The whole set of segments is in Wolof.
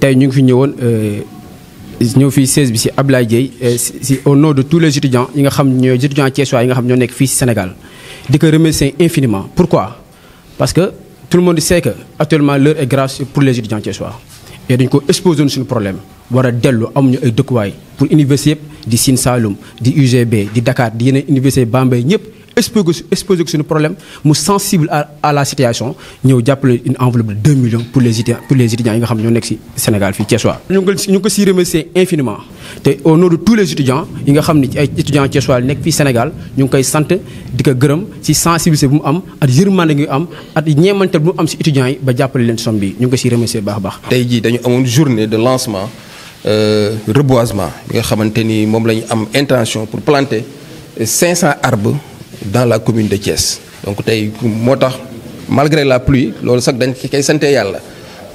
tay ñu ngi fi ñëwoon euh, ñëw fii 16 bi si Ablaye Dieye euh, au nom de tous les étudiants yi nga xam ñooy étudiants thiessois yi nga xam ñoo nekk fii si Sénégal di ko remercier infiniment pourquoi parce que tout le monde sait que actuellement l'heure est grâce pour les étudiants thiessois et dañ ko exposé suñu problème war a dellu amuñu ay dëkkuwaay pour université yëpp di Sine Saloum di UGB di Dakar di yeneen université Bambey ñëpp exposé que c'est un problème nous sensible à la situation avons jàppale une enveloppe de 2 millions pour les étudiants pour les étudiants yi nga xam Sénégal Nous remercions ñu infiniment au nom de tous les étudiants yi nga xam étudiants qui sont au Sénégal nous avons koy santé di ko gërëm si sensibilité nous avons am ak yërmande bu étudiants yi ba jàppale leen Nous Nous ñu beaucoup. ko siy remercier journée de lancement. Euh, reboisement Nous avons une ni intention pour planter 500 arbres dans la commune de Thiès donc malgré la pluie loolu sax dañ koy santé yalla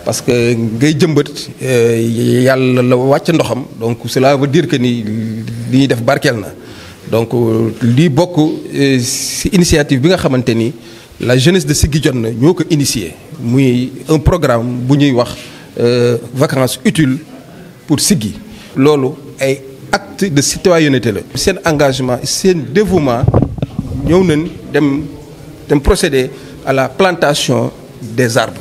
parce que ngay jëmbat eh, yalla la wacc ndoxam donc cela veut dire que ni li def donc euh, li bokku euh, ci initiative bi nga la jeunesse de Ziguinchor nous ñoko initié muy un programme pour les euh, vacances utiles pour Sigi. C'est ay acte de citoyenneté C'est un engagement un dévouement ñëw nañ dem dem procéder à la plantation des arbres.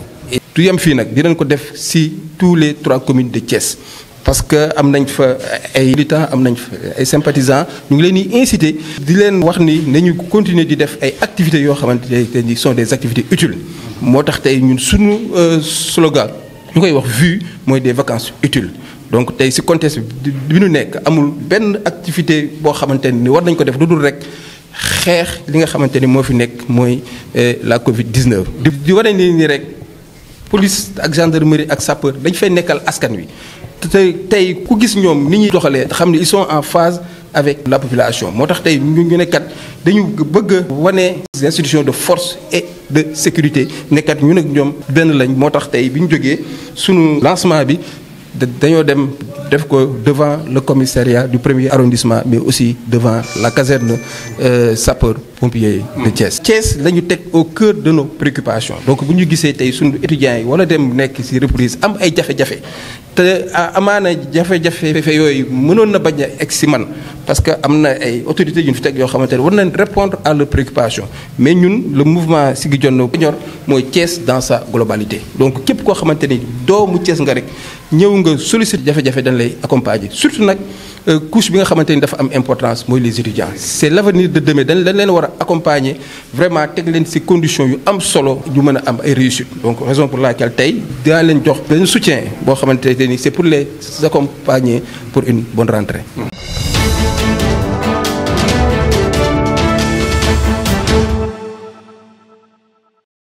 du yem fii nag dinañ ko def si tous les trois communes de Thiès parce que am nañ fa ay militants am nañ fa ay sympathisants ñu ngi leen di inciter. di leen wax ni nañu continuer di def ay activités yoo xamante ne sont des activités utiles moo tax tey ñun suñu euh, slogan ñu wax vu mooy des vacances utiles. donc tey si contexte bi ñu nekk amul benn activité boo xamante ni war nañ ko def lu dul rek xeex li nga xamante ni moo fi nekk mooy eh, la Covid 19. di di wane ni nii rek police ak gendarmerie ak sapeur dañ fay nekkal askan wi te tey ku gis ñoom ni ñuy doxalee xam ne ils sont en phase avec la population moo tax tey ñu ñu nekkat dañu bëgg a wane institution de force et de sécurité nekkat ñu nag ñoom benn lañ moo tax tey bi ñu jógee sunu lancement bi devant le commissariat du premier arrondissement mais aussi devant la caserne euh, sapeur pompiers de Thiès. Thiès la ñu teg au cœur de nos préoccupations donc bu nous gisee tey suñu étudiants yi wala dem nekk ci reprise am ay jafe-jafe te jafé jafe-jafe yooyu mënoon na baña a man parce que amna ay autorités yu ñu fi teg yoo xamante ne répondre à leurs préoccupations mais ñun le mouvement Siggi Jotna ñor moy Thiès dans sa globalité donc képp ko xamante ni doomu Thiès nga rek ñew nga solliciter jafé jafé dañ lay accompagner surtout nak euh, couche bi nga xamante dafa am importance moy les étudiants c'est l'avenir de demain dañ leen war accompagner vraiment teg ces conditions yu am solo du meuna am ay réussite donc raison pour laquelle tay da leen jox ben soutien bo xamanteni c'est pour les accompagner pour une bonne rentrée.